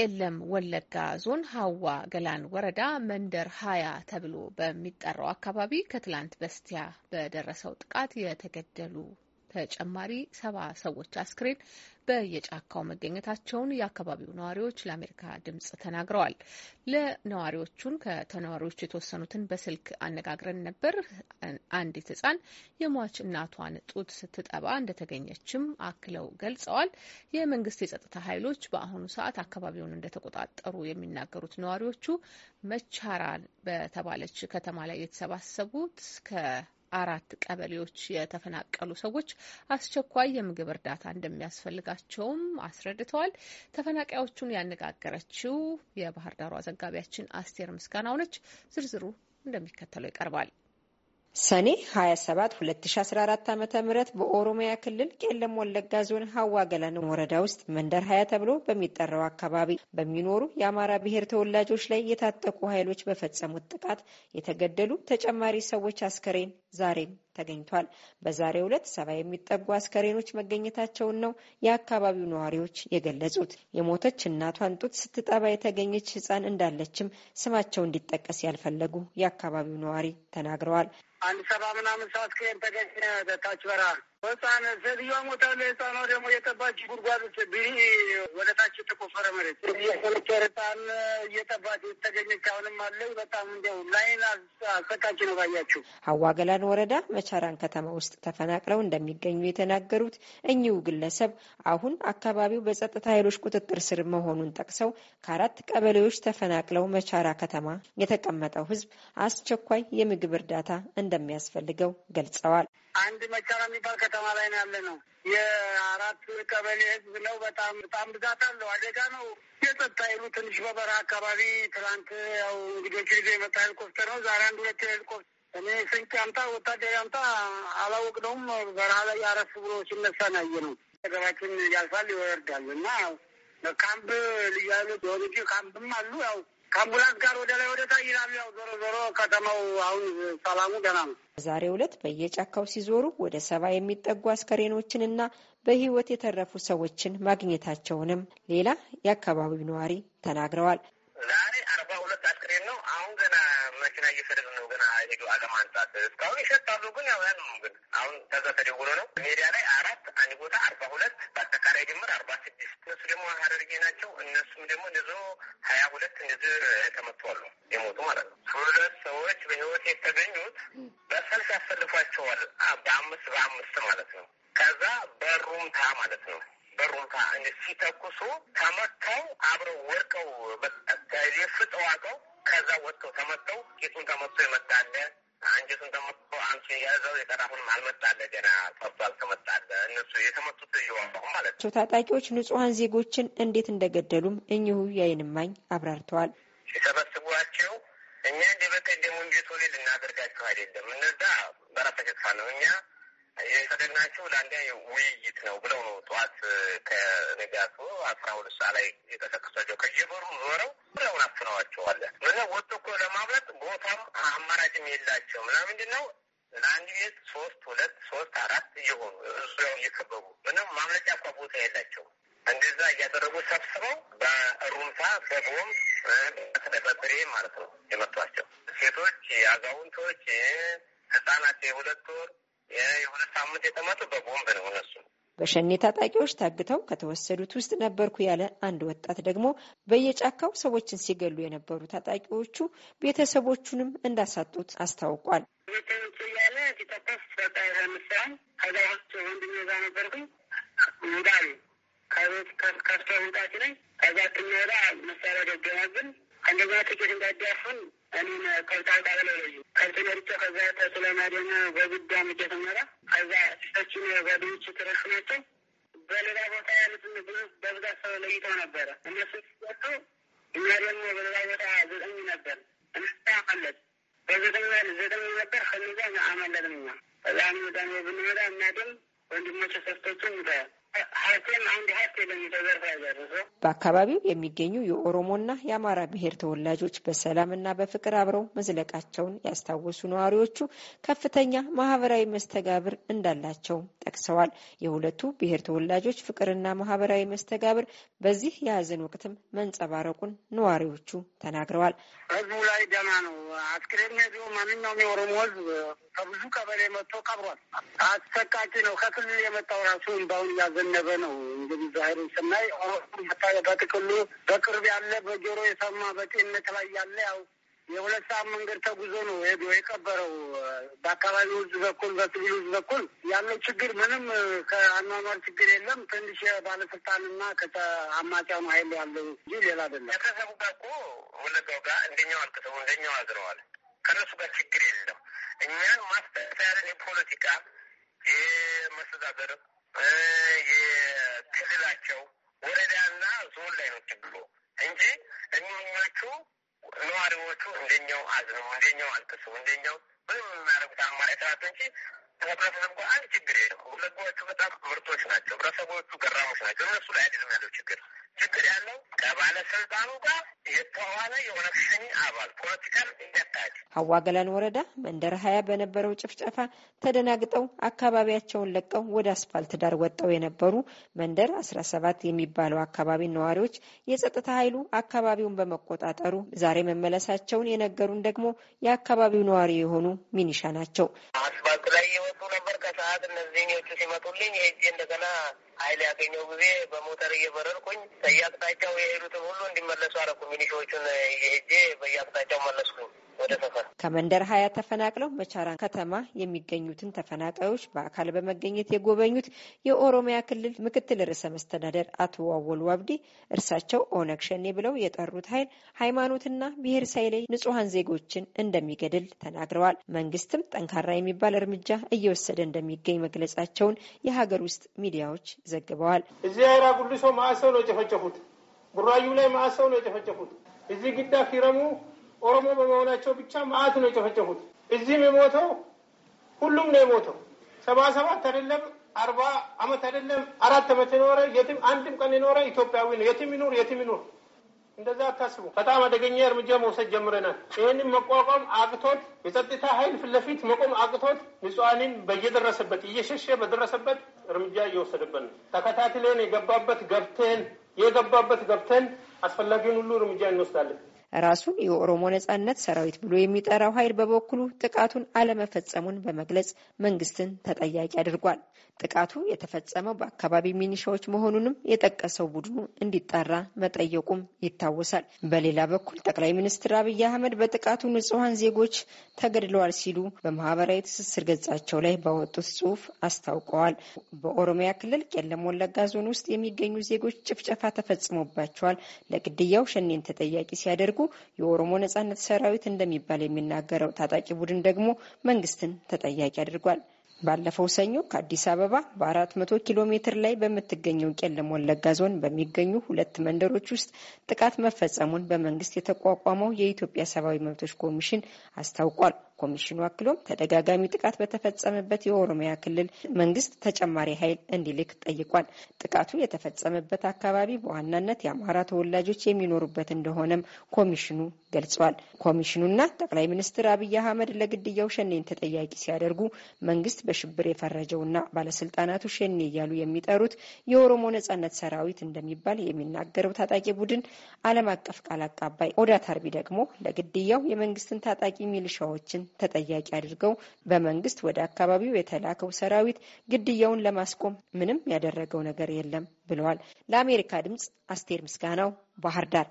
ቄለም ወለጋ ዞን ሀዋ ገላን ወረዳ መንደር ሀያ ተብሎ በሚጠራው አካባቢ ከትላንት በስቲያ በደረሰው ጥቃት የተገደሉ ተጨማሪ ሰባ ሰዎች አስክሬን በየጫካው መገኘታቸውን የአካባቢው ነዋሪዎች ለአሜሪካ ድምጽ ተናግረዋል። ለነዋሪዎቹን ከተነዋሪዎቹ የተወሰኑትን በስልክ አነጋግረን ነበር። አንዲት ሕጻን የሟች እናቷን ጡት ስትጠባ እንደተገኘችም አክለው ገልጸዋል። የመንግስት የጸጥታ ኃይሎች በአሁኑ ሰዓት አካባቢውን እንደተቆጣጠሩ የሚናገሩት ነዋሪዎቹ መቻራ በተባለች ከተማ ላይ የተሰባሰቡት አራት ቀበሌዎች የተፈናቀሉ ሰዎች አስቸኳይ የምግብ እርዳታ እንደሚያስፈልጋቸውም አስረድተዋል። ተፈናቃዮቹን ያነጋገረችው የባህር ዳሯ ዘጋቢያችን አስቴር ምስጋናው ነች። ዝርዝሩ እንደሚከተለው ይቀርባል። ሰኔ 27 2014 ዓ ም በኦሮሚያ ክልል ቄለም ወለጋ ዞን ሀዋ ወረዳ ውስጥ መንደር ሀያ ተብሎ በሚጠራው አካባቢ በሚኖሩ የአማራ ብሔር ተወላጆች ላይ የታጠቁ ኃይሎች በፈጸሙት ጥቃት የተገደሉ ተጨማሪ ሰዎች አስከሬን ዛሬም ተገኝቷል። በዛሬው ዕለት ሰባ የሚጠጉ አስከሬኖች መገኘታቸውን ነው የአካባቢው ነዋሪዎች የገለጹት። የሞተች እናቷን ጡት ስትጠባ የተገኘች ሕፃን እንዳለችም ስማቸው እንዲጠቀስ ያልፈለጉ የአካባቢው ነዋሪ ተናግረዋል። አንድ ሰባ ምናምን ሰዓት ተገኘ ታች በረሃ ህፃን ሴትዮዋ ሞታለ። ህፃኗ ደግሞ የጠባች ጉድጓድ ውስጥ ብሂ ወደ ታች የተቆፈረ መሬት የኮሌክተር ህፃን እየጠባች ተገኘች። አሁንም አለ። በጣም እንዲያው ላይን አሰቃቂ ነው። ባያችሁ ሀዋ ገላን ወረዳ መቻራን ከተማ ውስጥ ተፈናቅለው እንደሚገኙ የተናገሩት እኚሁ ግለሰብ አሁን አካባቢው በጸጥታ ኃይሎች ቁጥጥር ስር መሆኑን ጠቅሰው ከአራት ቀበሌዎች ተፈናቅለው መቻራ ከተማ የተቀመጠው ህዝብ አስቸኳይ የምግብ እርዳታ እንደሚያስፈልገው ገልጸዋል። አንድ መቻራ የሚባል ከተማ ላይ ነው ያለ ነው። የአራት ቀበሌ ህዝብ ነው። በጣም በጣም ብዛት አለው። አደጋ ነው። የጸጥታ ይሉ ትንሽ በበረሃ አካባቢ ትላንት ያው እንግዶች ይዞ የመጣ ሄሊኮፕተር ነው። ዛሬ አንድ ሁለት ሄሊኮፕተር እኔ ስንቅ አምጣ ወታደር አምጣ ነውም በረሃ ላይ አረስ ብሎ ሲነሳ ናየ ነው። ገባችን ያልፋል ይወርዳል እና ካምፕ ልያሉ የሆኑ ካምፕም አሉ ያው ከአምቡላንስ ጋር ወደ ላይ ወደታ ታች ይላሉ። ያው ዞሮ ዞሮ ከተማው አሁን ሰላሙ ገና ነው። በዛሬው ዕለት በየጫካው ሲዞሩ ወደ ሰባ የሚጠጉ አስከሬኖችንና በህይወት የተረፉ ሰዎችን ማግኘታቸውንም ሌላ የአካባቢው ነዋሪ ተናግረዋል። ዛሬ አርባ ሁለት አስክሬን ነው። አሁን ገና መኪና እየፈደድ ነው። ገና ሄዱ አለም አንጻት እስካሁን ይሸጣሉ። ግን ያው ያን ግን አሁን ተዛ ተደውሎ ነው ሜዲያ ላይ አራት አንድ ቦታ አርባ ሁለት አጠቃላይ ድምር አርባ ስድስት እነሱ ደግሞ ሀረርጌ ናቸው። እነሱም ደግሞ እንደዞ ሀያ ሁለት እንደዚህ ተመቷሉ የሞቱ ማለት ነው። ሁለት ሰዎች በህይወት የተገኙት በሰልፍ ያሰልፏቸዋል። በአምስት በአምስት ማለት ነው። ከዛ በሩምታ ማለት ነው። በሩምታ ሲተኩሱ ተመተው አብረው ወድቀው የፍጠዋቀው ከዛ ወጥተው ተመተው ቂጡን ተመቶ የመጣለ አንጀቱን ተመቶ አንሱ የያዘው የቀራሁንም አልመጣለ ገና ከብቶ አልተመጣለ እነሱ የተመቱት እየዋሁ ማለት ነው። ታጣቂዎች ንጹሐን ዜጎችን እንዴት እንደገደሉም እኚሁ የአይንማኝ አብራርተዋል። ሲሰበስቧቸው እኛ እንደ በቀደሙ እንጂ ሶሌ ልናደርጋቸው አይደለም። እነዛ በራሳ ጥፋት ነው እኛ የተደናቸው ለአንድ ውይይት ነው ብለው ነው ጠዋት ከንጋቱ አስራ ሁለት ሰዓት ላይ የተሰከሷቸው ከየበሩ ዞረው ብለውን አፍነዋቸዋለ። ምን ወጥቶ እኮ ለማምለጥ ቦታም አማራጭም የላቸው ምና ምንድን ነው ለአንድ ቤት ሶስት ሁለት ሶስት አራት እየሆኑ ዙሪያውን እየከበቡ ምንም ማምለጫ እኳ ቦታ የላቸውም። እንደዛ እያደረጉ ሰብስበው በሩምታ በቦም በሬ ማለት ነው የመቷቸው ሴቶች፣ አዛውንቶች፣ ህጻናት የሁለት ወር የሁለት ሳምንት የተመቱ በቦምብ ነው እነሱ በሸኔ ታጣቂዎች ታግተው ከተወሰዱት ውስጥ ነበርኩ ያለ አንድ ወጣት ደግሞ በየጫካው ሰዎችን ሲገሉ የነበሩ ታጣቂዎቹ ቤተሰቦቹንም እንዳሳጡት አስታውቋል። ከቤት ከስከ ውጣት ላይ ከዛ ትንወዳ መሳሪያ ደገናብን እንደዛ ጥቂት እንዳዳፉን እኔም ከብታ አቃብለ ለዩ ከብት መርጫ ከዛ ተስለማደነ በጉዳ ምጀተመራ ከዛ ሰችን ጓደኞች ናቸው። በሌላ ቦታ ያሉትን ምግቦች በብዛት ሰው ለይተው ነበረ። እነሱ ሲወጡ እኛ ደግሞ በሌላ ቦታ ዘጠኝ ነበር። እነሳ አመለጥ በዘጠኝ ዘጠኝ ነበር። ከነዛ አመለጥን እኛ ከዛ ሚወዳ ብንመጣ እናድም ወንድሞች ሰስቶችን ይታያል በአካባቢው የሚገኙ የኦሮሞና የአማራ ብሔር ተወላጆች በሰላምና በፍቅር አብረው መዝለቃቸውን ያስታወሱ ነዋሪዎቹ ከፍተኛ ማህበራዊ መስተጋብር እንዳላቸው ጠቅሰዋል። የሁለቱ ብሔር ተወላጆች ፍቅርና ማህበራዊ መስተጋብር በዚህ የሀዘን ወቅትም መንጸባረቁን ነዋሪዎቹ ተናግረዋል። ህዝቡ ላይ ደህና ነው። አስክሬን ማንኛውም የኦሮሞ ህዝብ ከብዙ ቀበሌ መጥቶ ቀብሯል። አሰቃቂ ነው። ከክልል የመጣው ራሱ እምባውን እያዘነ እየዘነበ ነው። እንግዲህ ዛሬ ስናይ በጥቅሉ በቅርብ ያለ በጆሮ የሰማ በጤንነት ላይ ያለ ያው የሁለት ሰዓት መንገድ ተጉዞ ነው ሄዶ የቀበረው። በአካባቢው ህዝብ በኩል በሲቪል ህዝብ በኩል ያለው ችግር ምንም ከአኗኗር ችግር የለም። ትንሽ ባለስልጣንና ከተአማጫኑ ሀይል ያለው እንጂ ሌላ አይደለም። ከተሰቡ ጋር እኮ ወለጋው ጋር እንደኛው አልቅተው እንደኛው አዝረዋል። ከነሱ ጋር ችግር የለም። እኛን ማስተሳያለን የፖለቲካ የመስተዳደር የክልላቸው ወረዳና ዞን ላይ ነው ችግሩ እንጂ እኒኞቹ ነዋሪዎቹ እንደኛው አዝነው እንደኛው አልቅሰው እንደኛው ምንም የምናደርጉት አማራጭ ስራት እንጂ ህብረተሰቡ ጋር አንድ ችግር የለም። ሁለጎቹ በጣም ምርቶች ናቸው። ህብረተሰቦቹ ገራሞች ናቸው። እነሱ ላይ አይደለም ያለው ችግር ችግር ያለው ከባለስልጣኑ ጋር የተዋለ የኦነግ አባል ፖለቲካል እንዲያካሄድ አዋገላን ወረዳ መንደር ሀያ በነበረው ጭፍጨፋ ተደናግጠው አካባቢያቸውን ለቀው ወደ አስፋልት ዳር ወጠው የነበሩ መንደር አስራ ሰባት የሚባለው አካባቢ ነዋሪዎች የጸጥታ ኃይሉ አካባቢውን በመቆጣጠሩ ዛሬ መመለሳቸውን የነገሩን ደግሞ የአካባቢው ነዋሪ የሆኑ ሚኒሻ ናቸው። አስፋልት ላይ የወጡ ነበር ሰዓት እነዚህኞቹ ሲመጡልኝ ሄጄ እንደገና ኃይል ያገኘው ጊዜ በሞተር እየበረርኩኝ በየአቅጣጫው የሄዱትም ሁሉ እንዲመለሱ አረኩ። ሚኒሻዎቹን ሄጄ በየአቅጣጫው መለስኩኝ ከመንደር ሀያ ተፈናቅለው መቻራን ከተማ የሚገኙትን ተፈናቃዮች በአካል በመገኘት የጎበኙት የኦሮሚያ ክልል ምክትል ርዕሰ መስተዳደር አቶ አወሉ አብዲ እርሳቸው ኦነግ ሸኔ ብለው የጠሩት ኃይል ሃይማኖትና ብሔር ሳይለይ ንጹሐን ዜጎችን እንደሚገድል ተናግረዋል። መንግስትም ጠንካራ የሚባል እርምጃ እየወሰደ እንደሚገ እንደሚገኝ መግለጻቸውን የሀገር ውስጥ ሚዲያዎች ዘግበዋል። እዚህ አይራ ጉልሶ ማእሰው ነው የጨፈጨፉት። ቡራዩ ላይ ማእሰው ነው የጨፈጨፉት። እዚህ ግዳ ፊረሙ ኦሮሞ በመሆናቸው ብቻ ማአት ነው የጨፈጨፉት። እዚህም የሞተው ሁሉም ነው የሞተው። ሰባ ሰባት አይደለም አርባ አመት አይደለም አራት አመት የኖረ የትም አንድም ቀን የኖረ ኢትዮጵያዊ ነው። የትም ይኑር የትም ይኑር እንደዛ አታስቡ። በጣም አደገኛ እርምጃ መውሰድ ጀምረናል። ይህንም መቋቋም አቅቶት የጸጥታ ኃይል ፊት ለፊት መቆም አቅቶት ንጹሐንን በየደረሰበት እየሸሸ በደረሰበት እርምጃ እየወሰደበት ነው። ተከታትለን የገባበት ገብተን የገባበት ገብተን አስፈላጊውን ሁሉ እርምጃ እንወስዳለን። ራሱን የኦሮሞ ነጻነት ሰራዊት ብሎ የሚጠራው ኃይል በበኩሉ ጥቃቱን አለመፈጸሙን በመግለጽ መንግስትን ተጠያቂ አድርጓል። ጥቃቱ የተፈጸመው በአካባቢ ሚኒሻዎች መሆኑንም የጠቀሰው ቡድኑ እንዲጣራ መጠየቁም ይታወሳል። በሌላ በኩል ጠቅላይ ሚኒስትር አብይ አህመድ በጥቃቱ ንጹሐን ዜጎች ተገድለዋል ሲሉ በማህበራዊ ትስስር ገጻቸው ላይ ባወጡት ጽሁፍ አስታውቀዋል። በኦሮሚያ ክልል ቄለም ወለጋ ዞን ውስጥ የሚገኙ ዜጎች ጭፍጨፋ ተፈጽሞባቸዋል። ለግድያው ሸኔን ተጠያቂ ሲያደርጉ ሲጠይቁ የኦሮሞ ነጻነት ሰራዊት እንደሚባል የሚናገረው ታጣቂ ቡድን ደግሞ መንግስትን ተጠያቂ አድርጓል። ባለፈው ሰኞ ከአዲስ አበባ በ400 ኪሎ ሜትር ላይ በምትገኘው ቄለም ወለጋ ዞን በሚገኙ ሁለት መንደሮች ውስጥ ጥቃት መፈጸሙን በመንግስት የተቋቋመው የኢትዮጵያ ሰብአዊ መብቶች ኮሚሽን አስታውቋል። ኮሚሽኑ አክሎም ተደጋጋሚ ጥቃት በተፈጸመበት የኦሮሚያ ክልል መንግስት ተጨማሪ ኃይል እንዲልክ ጠይቋል። ጥቃቱ የተፈጸመበት አካባቢ በዋናነት የአማራ ተወላጆች የሚኖሩበት እንደሆነም ኮሚሽኑ ገልጿል። ኮሚሽኑና ጠቅላይ ሚኒስትር አብይ አህመድ ለግድያው ሸኔን ተጠያቂ ሲያደርጉ መንግስት በሽብር የፈረጀውና ባለስልጣናቱ ሸኔ እያሉ የሚጠሩት የኦሮሞ ነጻነት ሰራዊት እንደሚባል የሚናገረው ታጣቂ ቡድን ዓለም አቀፍ ቃል አቃባይ ኦዳ ታርቢ ደግሞ ለግድያው የመንግስትን ታጣቂ ሚሊሻዎችን ተጠያቂ አድርገው በመንግስት ወደ አካባቢው የተላከው ሰራዊት ግድያውን ለማስቆም ምንም ያደረገው ነገር የለም ብለዋል። ለአሜሪካ ድምጽ አስቴር ምስጋናው ባህር ዳር